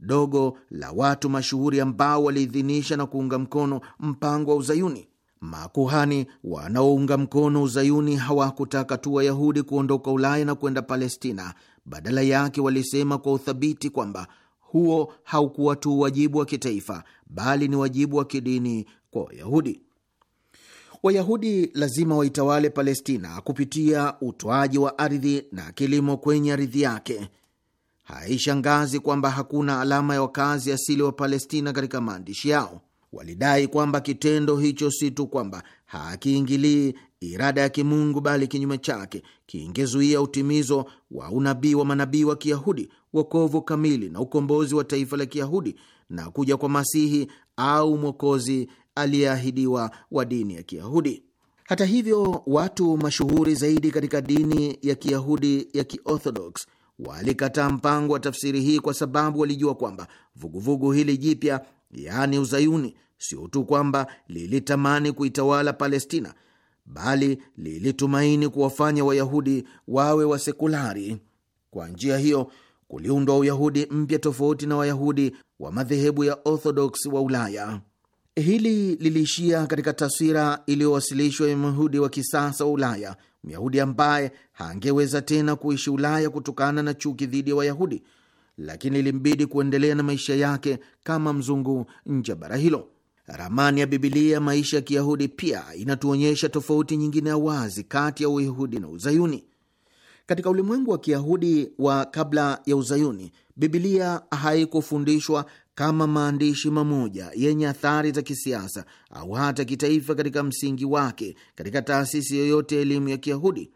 dogo la watu mashuhuri ambao waliidhinisha na kuunga mkono mpango wa Uzayuni. Makuhani wanaounga mkono Uzayuni hawakutaka tu Wayahudi kuondoka Ulaya na kwenda Palestina, badala yake walisema kwa uthabiti kwamba huo haukuwa tu wajibu wa kitaifa, bali ni wajibu wa kidini kwa Wayahudi. Wayahudi lazima waitawale Palestina kupitia utoaji wa ardhi na kilimo kwenye ardhi yake. Haishangazi kwamba hakuna alama ya wakazi asili wa Palestina katika maandishi yao. Walidai kwamba kitendo hicho si tu kwamba hakiingilii irada ya kimungu, bali kinyume chake kingezuia utimizo wa unabii wa manabii wa Kiyahudi, wokovu kamili na ukombozi wa taifa la Kiyahudi na kuja kwa Masihi au mwokozi aliyeahidiwa wa dini ya Kiyahudi. Hata hivyo, watu mashuhuri zaidi katika dini ya Kiyahudi ya Kiorthodox walikataa mpango wa tafsiri hii kwa sababu walijua kwamba vuguvugu hili jipya, yaani Uzayuni, sio tu kwamba lilitamani kuitawala Palestina bali lilitumaini kuwafanya Wayahudi wawe wasekulari. Kwa njia hiyo kuliundwa Uyahudi mpya tofauti na Wayahudi wa madhehebu ya Orthodox wa Ulaya. Hili liliishia katika taswira iliyowasilishwa ya Myahudi wa kisasa wa Ulaya, Myahudi ambaye hangeweza tena kuishi Ulaya kutokana na chuki dhidi ya Wayahudi, lakini ilimbidi kuendelea na maisha yake kama mzungu nje ya bara hilo. Ramani ya Bibilia maisha ya Kiyahudi pia inatuonyesha tofauti nyingine ya wazi kati ya Uyahudi na Uzayuni. Katika ulimwengu wa Kiyahudi wa kabla ya Uzayuni, Bibilia haikufundishwa kama maandishi mamoja yenye athari za kisiasa au hata kitaifa katika msingi wake katika taasisi yoyote ya elimu ya Kiyahudi.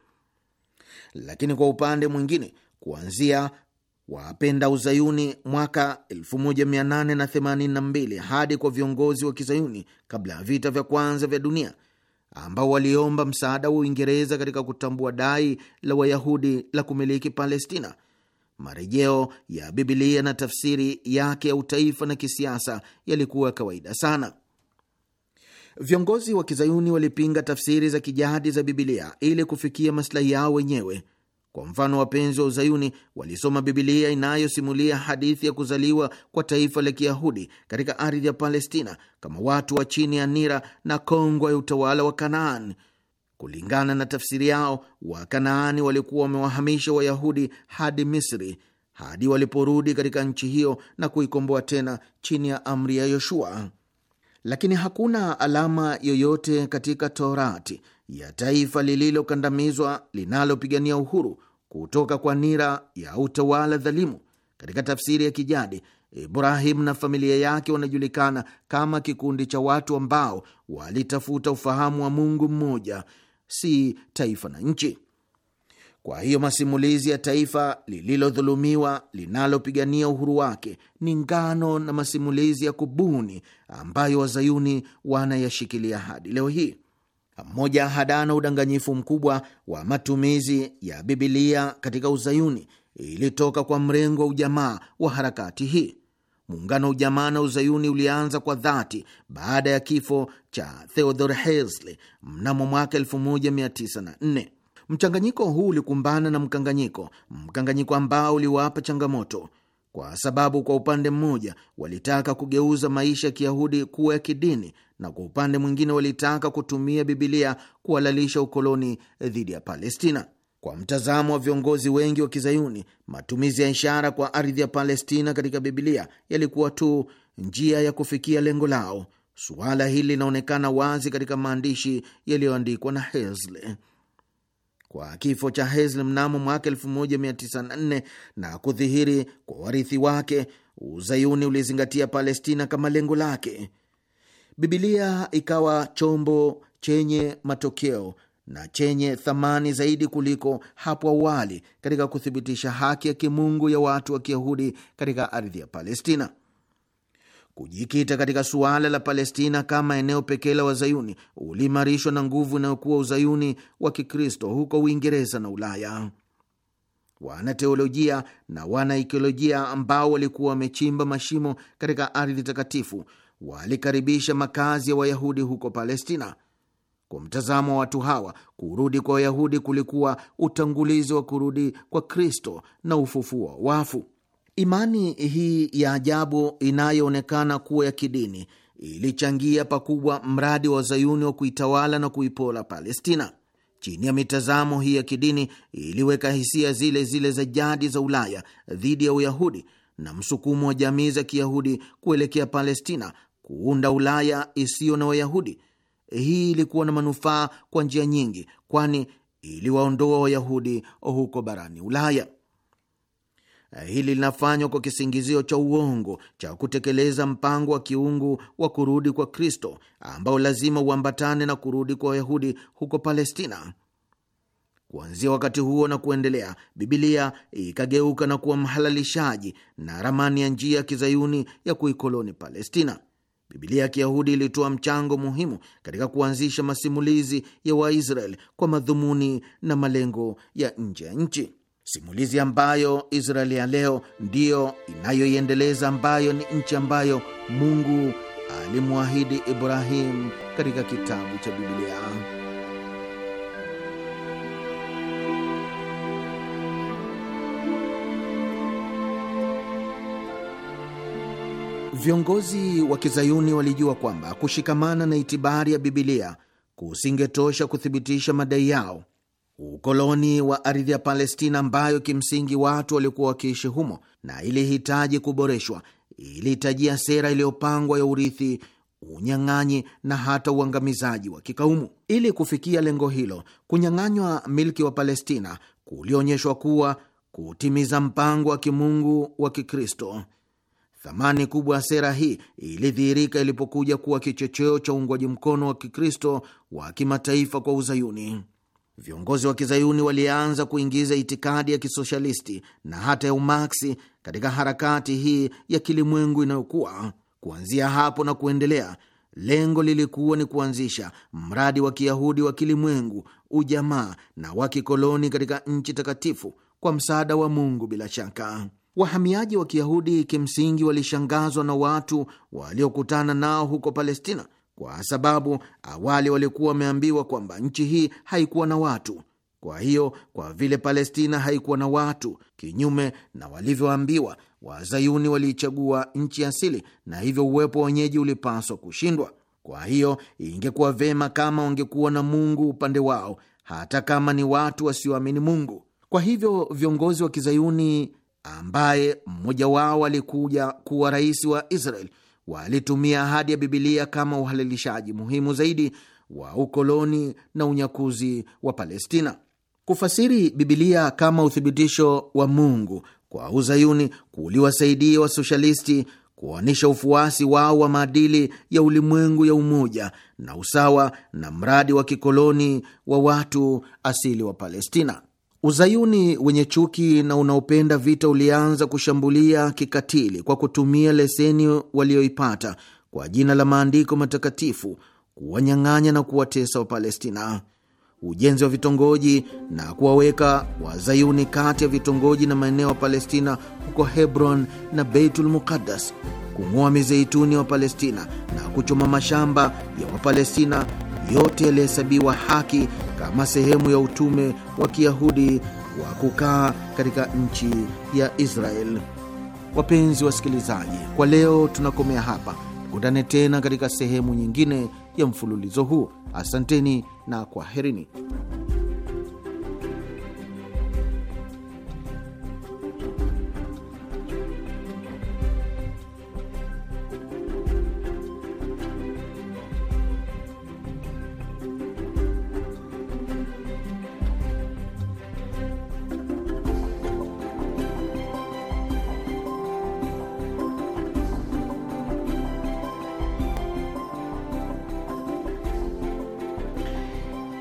Lakini kwa upande mwingine, kuanzia wapenda uzayuni mwaka 1882 hadi kwa viongozi wa kizayuni kabla ya vita vya kwanza vya dunia ambao waliomba msaada wa Uingereza katika kutambua dai la Wayahudi la kumiliki Palestina. Marejeo ya Bibilia na tafsiri yake ya utaifa na kisiasa yalikuwa kawaida sana. Viongozi wa kizayuni walipinga tafsiri za kijadi za Bibilia ili kufikia maslahi yao wenyewe. Kwa mfano, wapenzi wa Uzayuni walisoma Bibilia inayosimulia hadithi ya kuzaliwa kwa taifa la Kiyahudi katika ardhi ya Palestina kama watu wa chini ya nira na kongwa ya utawala wa Kanaani. Kulingana na tafsiri yao, Wakanaani walikuwa wamewahamisha Wayahudi hadi Misri hadi waliporudi katika nchi hiyo na kuikomboa tena chini ya amri ya Yoshua. Lakini hakuna alama yoyote katika Torati ya taifa lililokandamizwa linalopigania uhuru kutoka kwa nira ya utawala dhalimu. Katika tafsiri ya kijadi, Ibrahim na familia yake wanajulikana kama kikundi cha watu ambao walitafuta ufahamu wa Mungu mmoja, si taifa na nchi. Kwa hiyo masimulizi ya taifa lililodhulumiwa linalopigania uhuru wake ni ngano na masimulizi ya kubuni ambayo wazayuni wanayashikilia hadi leo hii. Mmoja hadana udanganyifu mkubwa wa matumizi ya Bibilia katika Uzayuni ilitoka kwa mrengo wa ujamaa wa harakati hii. Muungano wa ujamaa na Uzayuni ulianza kwa dhati baada ya kifo cha Theodor Herzl mnamo mwaka 1904. Mchanganyiko huu ulikumbana na mkanganyiko, mkanganyiko ambao uliwapa changamoto kwa sababu kwa upande mmoja walitaka kugeuza maisha ya Kiyahudi kuwa ya kidini na kwa upande mwingine walitaka kutumia Bibilia kuhalalisha ukoloni dhidi ya Palestina. Kwa mtazamo wa viongozi wengi wa Kizayuni, matumizi ya ishara kwa ardhi ya Palestina katika Bibilia yalikuwa tu njia ya kufikia lengo lao. Suala hili linaonekana wazi katika maandishi yaliyoandikwa na hezle Kwa kifo cha Hezl mnamo mwaka 1904 na kudhihiri kwa warithi wake, Uzayuni ulizingatia Palestina kama lengo lake. Bibilia ikawa chombo chenye matokeo na chenye thamani zaidi kuliko hapo awali katika kuthibitisha haki ya kimungu ya watu wa Kiyahudi katika ardhi ya Palestina. Kujikita katika suala la Palestina kama eneo pekee la Wazayuni uliimarishwa na nguvu inayokuwa Uzayuni wa Kikristo huko Uingereza na Ulaya. Wanateolojia na wanaikiolojia ambao walikuwa wamechimba mashimo katika ardhi takatifu walikaribisha makazi ya Wayahudi huko Palestina. Kwa mtazamo wa watu hawa, kurudi kwa Wayahudi kulikuwa utangulizi wa kurudi kwa Kristo na ufufuo wa wafu. Imani hii ya ajabu inayoonekana kuwa ya kidini ilichangia pakubwa mradi wa Zayuni wa kuitawala na kuipola Palestina. Chini ya mitazamo hii ya kidini iliweka hisia zile zile za jadi za Ulaya dhidi ya Uyahudi na msukumo wa jamii za Kiyahudi kuelekea Palestina kuunda Ulaya isiyo na Wayahudi. Hii ilikuwa na manufaa kwa njia nyingi, kwani iliwaondoa Wayahudi huko barani Ulaya. Hili linafanywa kwa kisingizio cha uongo cha kutekeleza mpango wa kiungu wa kurudi kwa Kristo ambao lazima uambatane na kurudi kwa Wayahudi huko Palestina. Kuanzia wakati huo na kuendelea, Bibilia ikageuka na kuwa mhalalishaji na ramani ya njia ya kizayuni ya kuikoloni Palestina. Bibilia ya Kiyahudi ilitoa mchango muhimu katika kuanzisha masimulizi ya Waisraeli kwa madhumuni na malengo ya nje ya nchi, simulizi ambayo Israeli ya leo ndiyo inayoiendeleza, ambayo ni nchi ambayo Mungu alimwahidi ibrahimu katika kitabu cha Bibilia. Viongozi wa kizayuni walijua kwamba kushikamana na itibari ya Bibilia kusingetosha kuthibitisha madai yao. Ukoloni wa ardhi ya Palestina, ambayo kimsingi watu walikuwa wakiishi humo na ilihitaji kuboreshwa, ilihitajia sera iliyopangwa ya urithi, unyang'anyi na hata uangamizaji wa kikaumu. Ili kufikia lengo hilo, kunyang'anywa milki wa Palestina kulionyeshwa kuwa kutimiza mpango wa kimungu wa Kikristo. Thamani kubwa ya sera hii ilidhihirika ilipokuja kuwa kichocheo cha uungwaji mkono wa Kikristo wa kimataifa kwa Uzayuni. Viongozi wa Kizayuni walianza kuingiza itikadi ya kisoshalisti na hata ya Umaksi katika harakati hii ya kilimwengu inayokuwa. Kuanzia hapo na kuendelea, lengo lilikuwa ni kuanzisha mradi wa Kiyahudi wa kilimwengu, ujamaa na wa kikoloni katika nchi takatifu kwa msaada wa Mungu bila shaka. Wahamiaji wa Kiyahudi kimsingi walishangazwa na watu waliokutana nao huko Palestina, kwa sababu awali walikuwa wameambiwa kwamba nchi hii haikuwa na watu. Kwa hiyo, kwa vile Palestina haikuwa na watu, kinyume na walivyoambiwa, Wazayuni waliichagua nchi asili, na hivyo uwepo wa wenyeji ulipaswa kushindwa. Kwa hiyo, ingekuwa vema kama wangekuwa na Mungu upande wao, hata kama ni watu wasioamini Mungu. Kwa hivyo viongozi wa Kizayuni ambaye mmoja wao alikuja kuwa rais wa Israel walitumia ahadi ya Bibilia kama uhalalishaji muhimu zaidi wa ukoloni na unyakuzi wa Palestina. Kufasiri Bibilia kama uthibitisho wa Mungu kwa Uzayuni kuliwasaidia wasoshalisti kuonyesha ufuasi wao wa maadili ya ulimwengu ya umoja na usawa na mradi wa kikoloni wa watu asili wa Palestina. Uzayuni wenye chuki na unaopenda vita ulianza kushambulia kikatili kwa kutumia leseni walioipata kwa jina la maandiko matakatifu kuwanyang'anya na kuwatesa Wapalestina. Ujenzi wa vitongoji na kuwaweka Wazayuni kati ya vitongoji na maeneo ya Palestina huko Hebron na Beitul Muqaddas, kung'oa mizeituni ya Wapalestina na kuchoma mashamba ya Wapalestina yote yalihesabiwa haki kama sehemu ya utume wa Kiyahudi wa kukaa katika nchi ya israel Wapenzi wasikilizaji, kwa leo tunakomea hapa. Kutane tena katika sehemu nyingine ya mfululizo huu. Asanteni na kwaherini.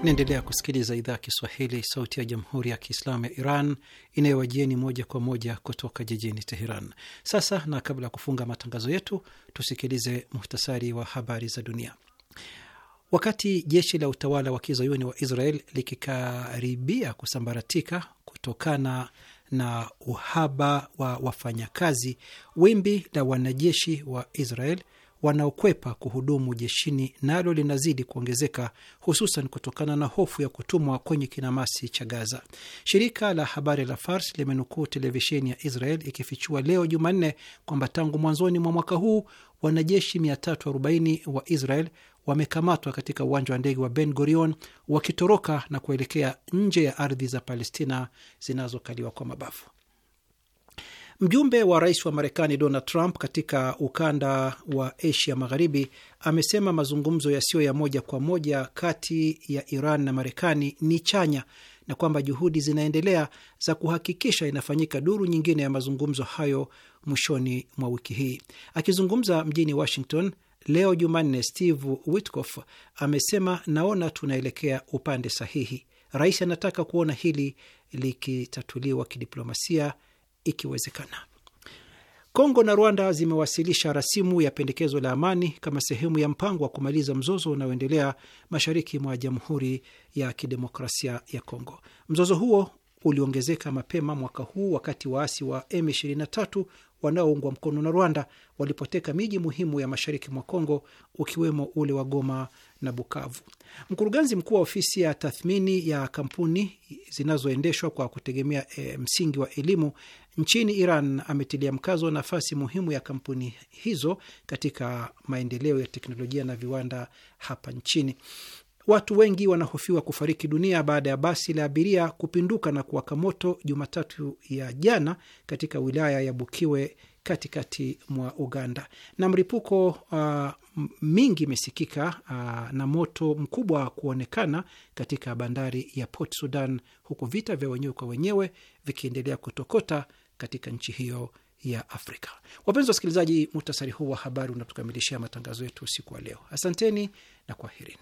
Naendelea kusikiliza idhaa ya Kiswahili, sauti ya jamhuri ya kiislamu ya Iran inayowajieni moja kwa moja kutoka jijini Teheran. Sasa na kabla ya kufunga matangazo yetu, tusikilize muhtasari wa habari za dunia. Wakati jeshi la utawala wa kizayuni wa Israel likikaribia kusambaratika kutokana na uhaba wa wafanyakazi, wimbi la wanajeshi wa Israel wanaokwepa kuhudumu jeshini nalo linazidi kuongezeka, hususan kutokana na hofu ya kutumwa kwenye kinamasi cha Gaza. Shirika la habari la Fars limenukuu televisheni ya Israel ikifichua leo Jumanne kwamba tangu mwanzoni mwa mwaka huu wanajeshi 340 wa Israel wamekamatwa katika uwanja wa ndege wa Ben Gurion wakitoroka na kuelekea nje ya ardhi za Palestina zinazokaliwa kwa mabavu. Mjumbe wa rais wa Marekani Donald Trump katika ukanda wa Asia Magharibi amesema mazungumzo yasiyo ya moja kwa moja kati ya Iran na Marekani ni chanya na kwamba juhudi zinaendelea za kuhakikisha inafanyika duru nyingine ya mazungumzo hayo mwishoni mwa wiki hii. Akizungumza mjini Washington leo Jumanne, Steve Witkoff amesema, naona tunaelekea upande sahihi. Rais anataka kuona hili likitatuliwa kidiplomasia ikiwezekana. Kongo na Rwanda zimewasilisha rasimu ya pendekezo la amani kama sehemu ya mpango wa kumaliza mzozo unaoendelea mashariki mwa Jamhuri ya Kidemokrasia ya Kongo. Mzozo huo uliongezeka mapema mwaka huu wakati waasi wa M23 wanaoungwa mkono na Rwanda walipoteka miji muhimu ya mashariki mwa Kongo, ukiwemo ule wa Goma na Bukavu. Mkurugenzi mkuu wa ofisi ya tathmini ya kampuni zinazoendeshwa kwa kutegemea e, msingi wa elimu nchini Iran ametilia mkazo nafasi muhimu ya kampuni hizo katika maendeleo ya teknolojia na viwanda hapa nchini. Watu wengi wanahofiwa kufariki dunia baada ya basi la abiria kupinduka na kuwaka moto Jumatatu ya jana katika wilaya ya Bukiwe katikati mwa Uganda. Na mlipuko uh, mingi imesikika uh, na moto mkubwa kuonekana katika bandari ya Port Sudan, huku vita vya wenyewe kwa wenyewe vikiendelea kutokota katika nchi hiyo ya Afrika. Wapenzi wasikilizaji, muhtasari huu wa habari unatukamilishia matangazo yetu usiku wa leo. Asanteni na kwaherini.